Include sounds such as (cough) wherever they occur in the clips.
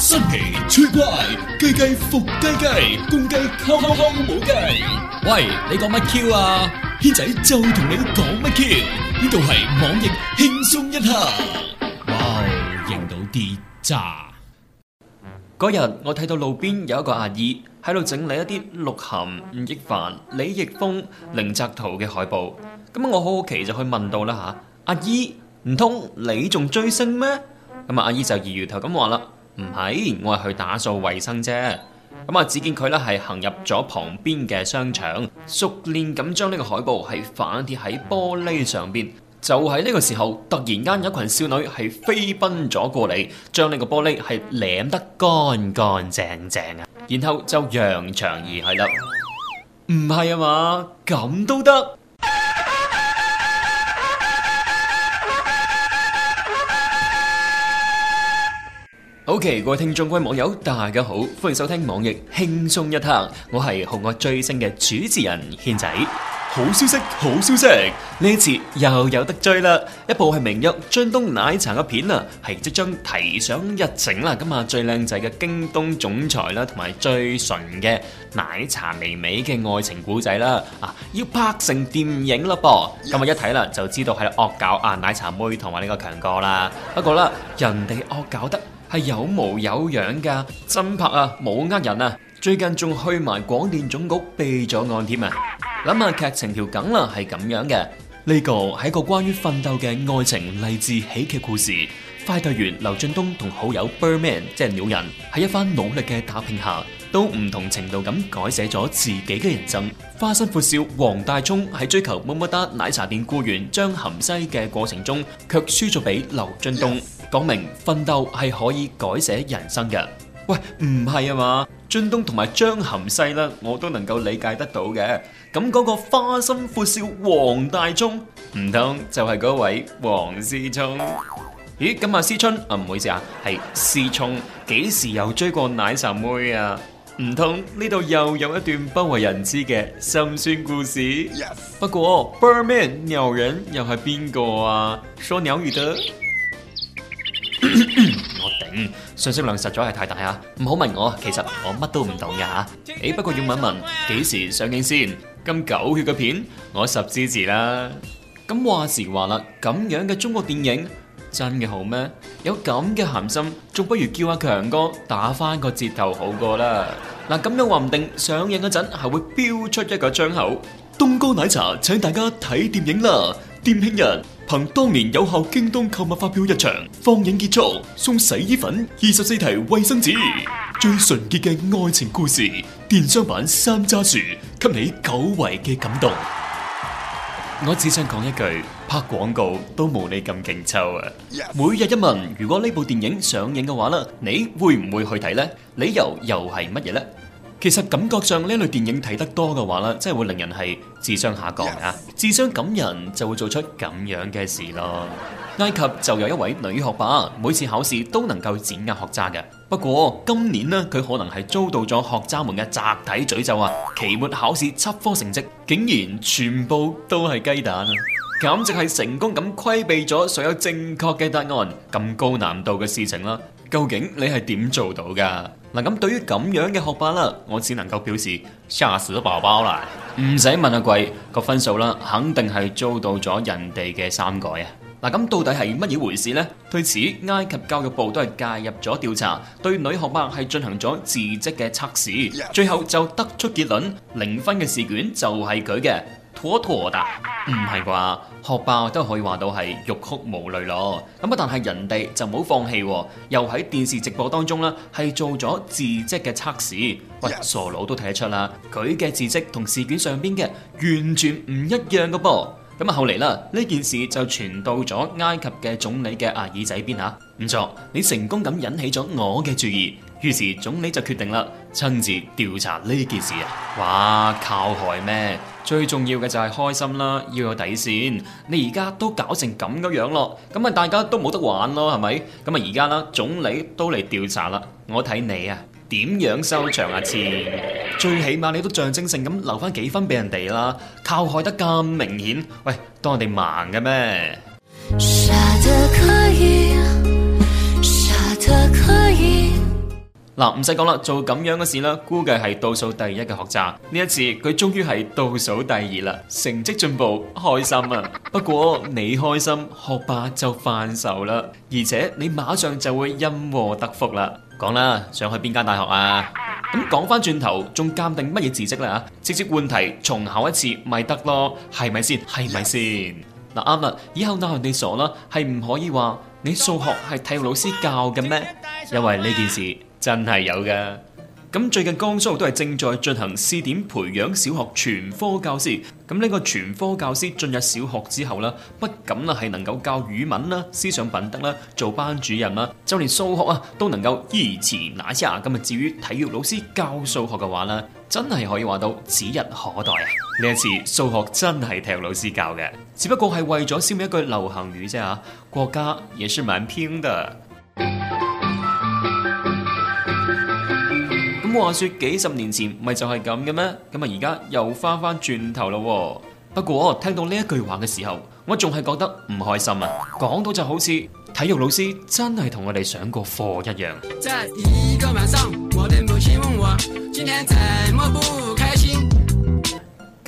新奇趣怪，雞雞伏雞雞，公雞敲敲敲冇雞。喂，你講乜 Q 啊？軒仔就同你講乜 Q？呢度係網易輕鬆一刻。哇，認到啲咋。嗰日我睇到路邊有一個阿姨喺度整理一啲鹿晗、吳亦凡、李易峰、寧澤濤嘅海報。咁我好好奇就去問到啦吓，阿姨，唔通你仲追星咩？咁啊，阿姨就搖搖頭咁話啦。唔係，我係去打掃衛生啫。咁啊，只見佢咧係行入咗旁邊嘅商場，熟練咁將呢個海報係反貼喺玻璃上邊。就喺呢個時候，突然間有一群少女係飛奔咗過嚟，將呢個玻璃係舐得乾乾淨淨啊！然後就揚長而去啦。唔係啊嘛，咁都得。O.K. 各位聽眾、各位網友，大家好，歡迎收聽網易輕鬆一刻，我係紅愛追星嘅主持人軒仔。好消息，好消息，呢次又有得追啦！一部係名曰《津東奶茶》嘅片啊，係即將提上日程啦。咁啊，最靚仔嘅京東總裁啦，同埋最純嘅奶茶妹妹嘅愛情故仔啦，啊，要拍成電影啦噃！Yes. 今日一睇啦，就知道係惡搞啊，奶茶妹同埋呢個強哥啦。不過啦，人哋惡搞得～係有模有樣噶，真拍啊，冇呃人啊！最近仲去埋廣電總局備咗案添啊！諗下劇情條梗啦，啊，係咁樣嘅。呢，這個係一個關於奮鬥嘅愛情勵志喜劇故事。快遞員劉俊東同好友 Birdman 即係鳥人，喺一番努力嘅打拼下，都唔同程度咁改寫咗自己嘅人生。花心闊少黃大聰喺追求麼么噠奶茶店僱員張含西嘅過程中，卻輸咗俾劉俊東。Yes! 講明奮鬥係可以改寫人生嘅。喂，唔係啊嘛？津東同埋張含西啦，我都能夠理解得到嘅。咁嗰個花心闊少黃大中，唔通就係嗰位黃思聰？咦，咁、啊、阿思春啊，唔好意思啊，係思聰幾時又追過奶茶妹啊？唔通呢度又有一段不為人知嘅心酸故事？Yes. 不過 Birdman 鳥人又係邊個啊，說鳥語的。我頂，信息量實在係太大啊！唔好問我，其實我乜都唔懂嘅吓。誒，不過要問一問，幾時上映先？咁狗血嘅片，我十支持啦。咁話時話啦，咁樣嘅中國電影真嘅好咩？有咁嘅鹹心，仲不如叫阿強哥打翻個折頭好過啦。嗱，咁樣話唔定上映嗰陣係會飆出一個窗口。東哥奶茶，請大家睇電影啦，電慶人。憑當年有效京東購物發票入場，放映結束送洗衣粉，二十四提衛生紙，最純潔嘅愛情故事，電商版山楂樹，給你久違嘅感動。我只想講一句，拍廣告都冇你咁勁抽啊！每日一問，如果呢部電影上映嘅話呢，你會唔會去睇呢？理由又係乜嘢呢？其實感覺上呢一類電影睇得多嘅話咧，真係會令人係智商下降啊！Yes. 智商感人就會做出咁樣嘅事咯。埃及就有一位女學霸，每次考試都能夠碾壓學渣嘅。不過今年呢，佢可能係遭到咗學渣們嘅集體詛咒啊！期末考試七科成績竟然全部都係雞蛋，啊，簡直係成功咁規避咗所有正確嘅答案咁高難度嘅事情啦。究竟你係點做到噶？嗱咁對於咁樣嘅學霸啦，我只能夠表示吓死咗爸爸啦！唔使問阿貴個分數啦，肯定係遭到咗人哋嘅篡改啊！嗱咁到底係乜嘢回事呢？對此埃及教育部都係介入咗調查，對女學霸係進行咗字跡嘅測試，最後就得出結論，零分嘅試卷就係佢嘅。妥妥唔係啩？學霸都可以話到係欲哭無淚咯。咁啊，但係人哋就唔好放棄，又喺電視直播當中啦，係做咗字跡嘅測試。喂，傻佬都睇得出啦，佢嘅字跡同試卷上邊嘅完全唔一樣噶噃。咁啊，後嚟啦，呢件事就傳到咗埃及嘅總理嘅阿耳仔邊吓。唔錯，你成功咁引起咗我嘅注意。於是總理就決定啦，親自調查呢件事啊。哇，靠害咩？最重要嘅就係開心啦，要有底線。你而家都搞成咁嘅樣咯，咁啊大家都冇得玩咯，係咪？咁啊而家啦，總理都嚟調查啦，我睇你啊點樣收場啊？次，最起碼你都象徵性咁留翻幾分俾人哋啦，靠害得咁明顯，喂，當人哋盲嘅咩？傻得可以。嗱，唔使講啦，做咁樣嘅事啦，估計係倒數第一嘅學習。呢一次佢終於係倒數第二啦，成績進步，開心啊！不過你開心，學霸就犯愁啦。而且你馬上就會因禍得福啦。講啦，想去邊間大學啊？咁講翻轉頭，仲鑑定乜嘢字跡啦？吓，直接換題，重考一次咪得咯？係咪先？係咪先？嗱啱啦，以後當人哋傻啦，係唔可以話你數學係體育老師教嘅咩？因為呢件事。真係有噶，咁最近江蘇都係正在進行試點培養小學全科教師，咁呢個全科教師進入小學之後呢，不僅啊，係能夠教語文啦、啊、思想品德啦、啊、做班主任啦、啊，就連數學啊都能夠依前那一下，咁啊至於體育老師教數學嘅話呢，真係可以話到指日可待啊！呢一次數學真係體育老師教嘅，只不過係爲咗消滅一句流行語啫吓、啊，國家也是蠻偏的。話說幾十年前咪就係咁嘅咩？咁啊，而家又翻翻轉頭咯。不過聽到呢一句話嘅時候，我仲係覺得唔開心啊！講到就好似體育老師真係同我哋上過課一樣。 (music)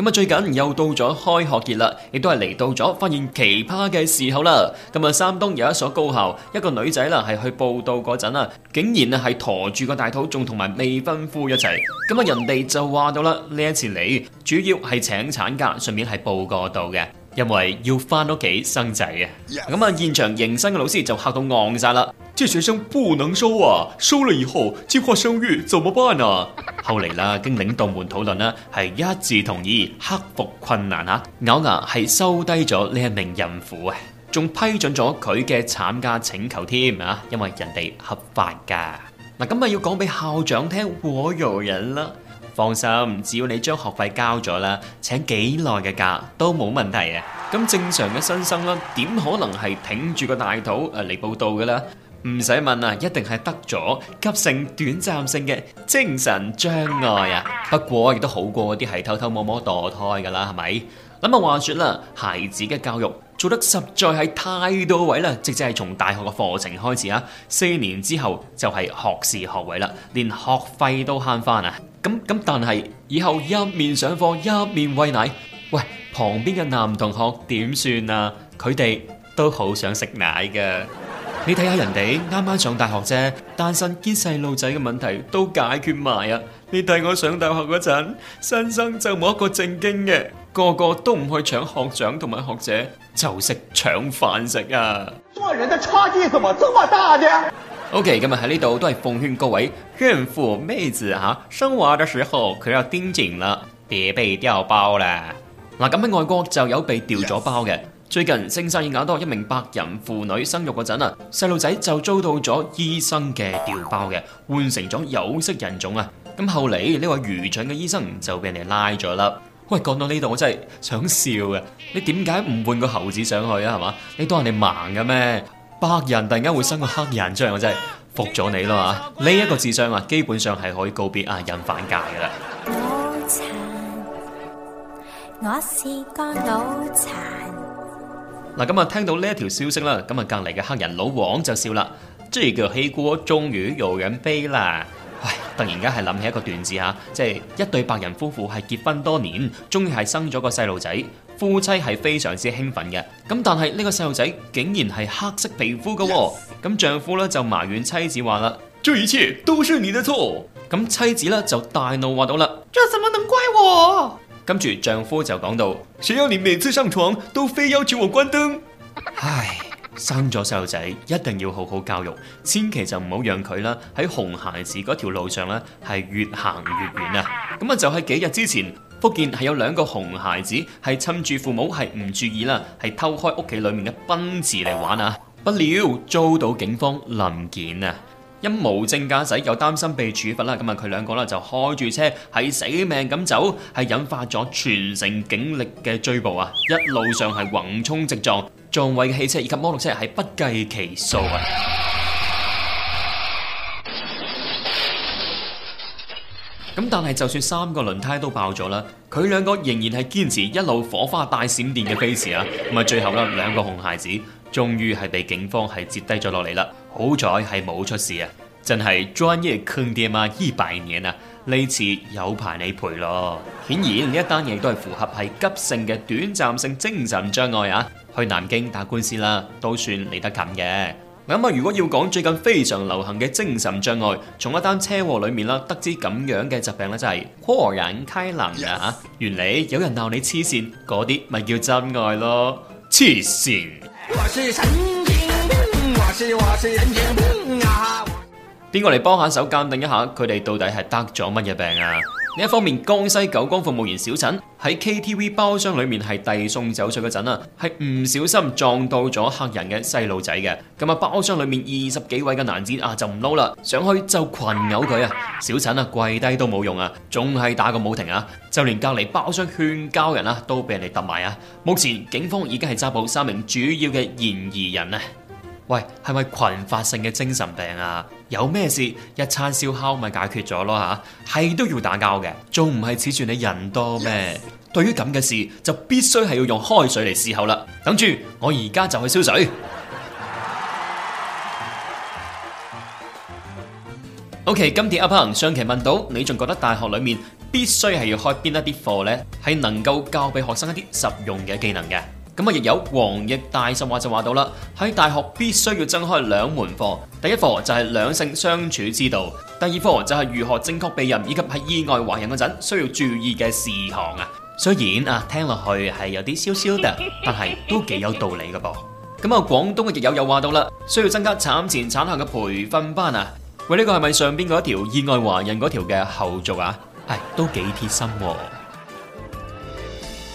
咁啊，最近又到咗開學節啦，亦都係嚟到咗發現奇葩嘅時候啦。咁啊，山東有一所高校，一個女仔啦，係去報到嗰陣啊，竟然啊係陀住個大肚，仲同埋未婚夫一齊。咁啊，人哋就話到啦，呢一次嚟主要係請產假，順便係報個到嘅，因為要翻屋企生仔啊。咁啊，現場迎新嘅老師就嚇到戇晒啦。啲學生不能收啊！收了以後計劃生育怎麼辦啊？後嚟啦，經領導們討論啦，係一致同意克服困難啊，咬牙係收低咗呢一名孕婦啊，仲批准咗佢嘅產假請求添啊，因為人哋合法㗎。嗱，咁啊要講俾校長聽，我容忍啦。放心，只要你將學費交咗啦，請幾耐嘅假都冇問題啊。咁正常嘅新生啦，點可能係挺住個大肚誒嚟報道嘅啦？唔使問啊，一定係得咗急性短暫性嘅精神障礙啊！不過亦都好過啲係偷偷摸摸墮胎噶啦，係咪？咁啊，話說啦，孩子嘅教育做得實在係太多位啦，直接係從大學嘅課程開始啊，四年之後就係學士學位啦，連學費都慳翻！啊！咁咁，但係以後一面上課一面餵奶，餵旁邊嘅男同學點算啊？佢哋都好想食奶噶。你睇下人哋啱啱上大學啫，單身兼細路仔嘅問題都解決埋啊！你睇我上大學嗰陣，新生就冇一個正經嘅，個個都唔去搶學長同埋學姐，就識搶飯食啊！做人嘅差距怎麼這麼大呢？OK，咁啊喺呢度都係奉勸各位孕婦妹子啊，生娃的時候佢要盯緊了，別被掉包啦！嗱、嗯，咁喺外國就有被掉咗包嘅。Yes. 最近，聖沙爾多一名白人婦女生育嗰陣啊，細路仔就遭到咗醫生嘅掉包嘅，換成咗有色人種啊！咁後嚟呢位愚蠢嘅醫生就俾人哋拉咗喇。喂，講到呢度我真係想笑啊！你點解唔換個猴子上去啊？係嘛？你當人哋盲嘅咩？白人突然間會生個黑人，出嚟，我真係服咗你啦嘛！呢一、啊啊、個智商啊，基本上係可以告別啊人犯界嘅啦。腦殘，我試過腦殘。嗱，咁啊，聽到呢一條消息，啦，咁啊，隔籬嘅黑人老王就笑啦，即係叫希哥終於又養飛啦。唉，突然間係諗起一個段子吓，即係一對白人夫婦係結婚多年，終於係生咗個細路仔，夫妻係非常之興奮嘅。咁但係呢個細路仔竟然係黑色皮膚嘅，咁 Yes. 丈夫咧，就埋怨妻子話啦：，這一切都是你的錯。咁妻子咧，就大怒話到啦：，這怎麼能怪我？跟住丈夫就講到：誰要你每次上床都非要求我關燈？唉，生咗細路仔一定要好好教育，千祈就唔好讓佢啦喺熊孩子嗰條路上咧係越行越遠啊！咁啊就喺幾日之前，福建係有兩個熊孩子係趁住父母係唔注意啦，係偷開屋企裏面嘅奔馳嚟玩啊！不料遭到警方臨檢啊！因無證駕駛又擔心被處罰啦，咁啊佢兩個咧就開住車係死命咁走，係引發咗全城警力嘅追捕啊！一路上係橫衝直撞，撞毀嘅汽車以及摩托車係不計其數啊！咁 (noise) 但係就算三個輪胎都爆咗啦，佢兩個仍然係堅持一路火花帶閃電嘅飛馳啊，咁啊最後咧兩個熊孩子終於係被警方係截低咗落嚟啦。好彩係冇出事啊！真係專業坑爹啊！一百年啊，呢次有排你賠咯。顯然呢一單嘢都係符合係急性嘅短暫性精神障礙啊！去南京打官司啦，都算嚟得近嘅。咁、嗯、啊，如果要講最近非常流行嘅精神障礙，從一單車禍裏面啦，得知咁樣嘅疾病咧、就是，就係豁然開朗啊！吓，Yes. 原來有人鬧你黐線，嗰啲咪叫真愛咯，黐線。邊個嚟幫下手鑑定一下佢哋到底係得咗乜嘢病啊？另一方面，江西九江服務員小陳喺 K T V 包廂裏面係遞送酒水嗰陣啊，係唔小心撞到咗客人嘅細路仔嘅。咁啊，包廂裏面二十幾位嘅男子啊，就唔撈啦，上去就群毆佢啊。小陳啊，跪低都冇用啊，仲係打個冇停啊。就連隔籬包廂勸交人啊，都俾人哋揼埋啊。目前警方已經係抓捕三名主要嘅嫌疑人啊。喂，係咪群發性嘅精神病啊？有咩事一餐燒烤咪解決咗咯吓？係、啊、都要打交嘅，仲唔係恃住你人多咩？Yes. 對於咁嘅事，就必須係要用開水嚟伺候啦。等住，我而家就去燒水。 (laughs) OK，今次阿鵬上期問到，你仲覺得大學裏面必須係要開邊一啲課呢？係能夠教俾學生一啲實用嘅技能嘅。咁啊，亦有黃奕大實話就話到啦，喺大學必須要增開兩門課，第一課就係兩性相處之道，第二課就係如何正確避孕以及喺意外懷孕嗰陣需要注意嘅事項啊。雖然啊聽落去係有啲燒燒但係都幾有道理噶噃。咁啊，廣東嘅亦有又話到啦，需要增加產前產後嘅培訓班啊。喂，呢個係咪上邊嗰一條意外懷孕嗰條嘅後續啊？係、哎、都幾貼心。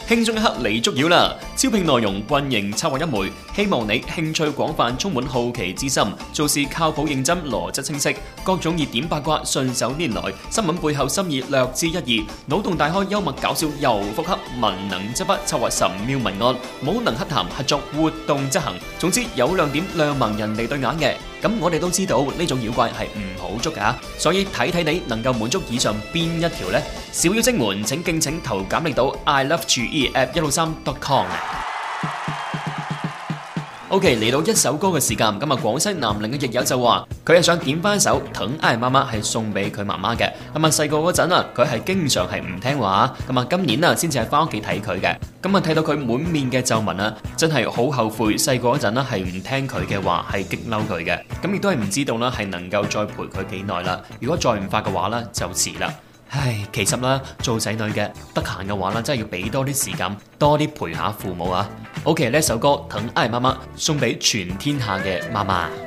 輕鬆一刻嚟，捉妖啦！招聘內容運營策劃一枚，希望你興趣廣泛，充滿好奇之心，做事靠譜認真，邏輯清晰，各種熱點八卦順手拈來，新聞背後深意略知一二，腦洞大開，幽默搞笑又腹黑，文能執筆策劃神妙文案，武能黑談合作活動執行。總之有亮點，亮盲人嚟對眼嘅。咁我哋都知道呢種妖怪係唔好捉㗎，所以睇睇你能夠滿足以上邊一條呢？小妖精們請敬請投簡歷到 i love ge f @一六三 .com。O.K. 嚟到一首歌嘅時間，咁啊，廣西南寧嘅亦友就話佢係想點翻一首《疼愛媽媽》，係送俾佢媽媽嘅。咁啊，細個嗰陣啊，佢係經常係唔聽話，咁啊，今年啊，先至係翻屋企睇佢嘅。咁啊，睇到佢滿面嘅皺紋啊，真係好後悔細個嗰陣呢，係唔聽佢嘅話，係激嬲佢嘅。咁亦都係唔知道呢係能夠再陪佢幾耐啦。如果再唔發嘅話呢，就遲啦。唉，其實啦，做仔女嘅，得閒嘅話啦，真係要俾多啲時間，多啲陪下父母啊。OK，呢一首歌《疼愛媽媽》送俾全天下嘅媽媽。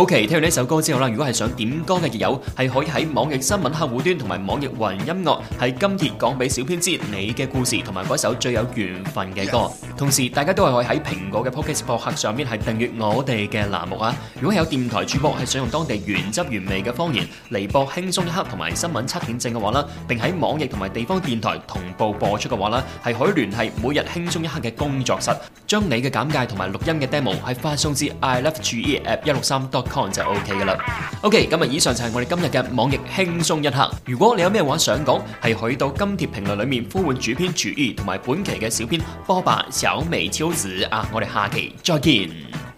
OK，聽完呢一首歌之後啦，如果係想點歌嘅益友，係可以喺網易新聞客戶端同埋網易雲音樂，係今次講俾小編知你嘅故事同埋嗰一首最有緣分嘅歌。同時，大家都係可以喺蘋果嘅 Podcast 播客上面係訂閱我哋嘅欄目啊。如果係有電台主播係想用當地原汁原味嘅方言嚟播輕鬆一刻同埋新聞七點正嘅話啦，並喺網易同埋地方電台同步播出嘅話啦，係可以聯繫每日輕鬆一刻嘅工作室，將你嘅簡介同埋錄音嘅 demo 係發送至 I Love G E App 一六三 dot。就 OK 㗎喇。OK，今日以上就係我哋今日嘅網易輕鬆一刻。如果你有咩話想講，係可以到今貼評論裡面呼喚主編注意同埋本期嘅小編波霸，小美超子啊！我哋下期再見。